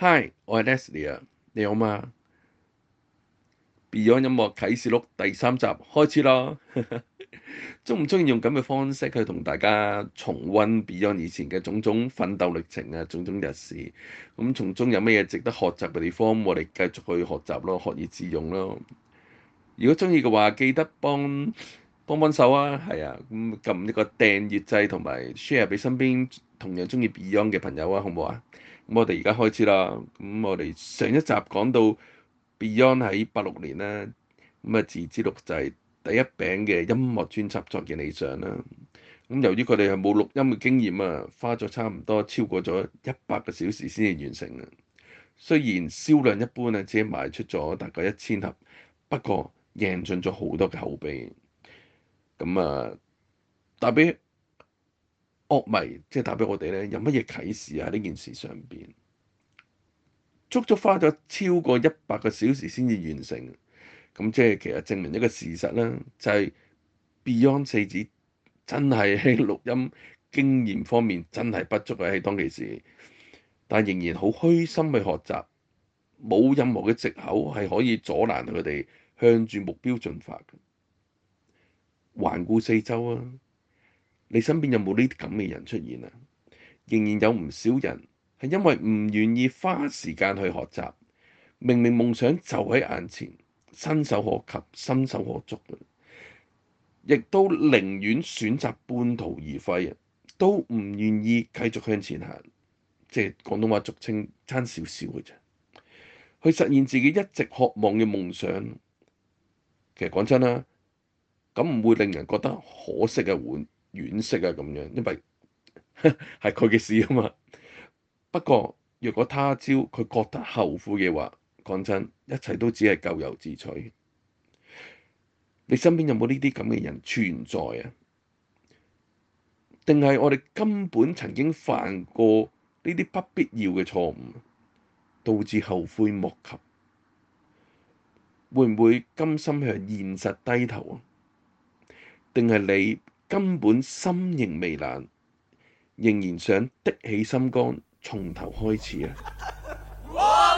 Hi，我係 Leslie 啊，你好嗎？Beyond 音樂啟示錄第三集開始咯，中唔中意用咁嘅方式去同大家重温 Beyond 以前嘅種種奮鬥歷程啊，種種日事。咁從中有咩嘢值得學習嘅地方，我哋繼續去學習咯，學以致用咯。如果中意嘅話，記得幫幫幫手啊，係啊，咁撳呢個訂閱掣同埋 share 俾身邊同樣中意 Beyond 嘅朋友啊，好唔好啊？我哋而家開始啦，咁我哋上一集講到 Beyond 喺八六年咧，咁啊自資錄製第一餅嘅音樂專輯《作別理想》啦。咁由於佢哋係冇錄音嘅經驗啊，花咗差唔多超過咗一百個小時先至完成啊。雖然銷量一般啊，只賣出咗大概一千盒，不過贏盡咗好多嘅口碑。咁啊，特別。惡迷即係打俾我哋咧，有乜嘢啟示啊？喺呢件事上邊，足足花咗超過一百個小時先至完成。咁即係其實證明一個事實啦，就係、是、Beyond 四子真係喺錄音經驗方面真係不足喺當其時，但仍然好虛心去學習，冇任何嘅藉口係可以阻攔佢哋向住目標進發嘅。環顧四周啊！你身邊有冇呢啲咁嘅人出現啊？仍然有唔少人係因為唔願意花時間去學習，明明夢想就喺眼前，伸手可及、伸手可捉，亦都寧願選擇半途而廢，都唔願意繼續向前行。即係廣東話俗稱差少少嘅啫，去實現自己一直渴望嘅夢想。其實講真啦，咁唔會令人覺得可惜嘅碗。惋惜啊，咁樣，因為係佢嘅事啊嘛。不過若果他朝佢覺得後悔嘅話，講真，一切都只係咎由自取。你身邊有冇呢啲咁嘅人存在啊？定係我哋根本曾經犯過呢啲不必要嘅錯誤，導致後悔莫及？會唔會甘心向現實低頭啊？定係你？根本心仍未冷，仍然想的起心肝，從頭開始啊！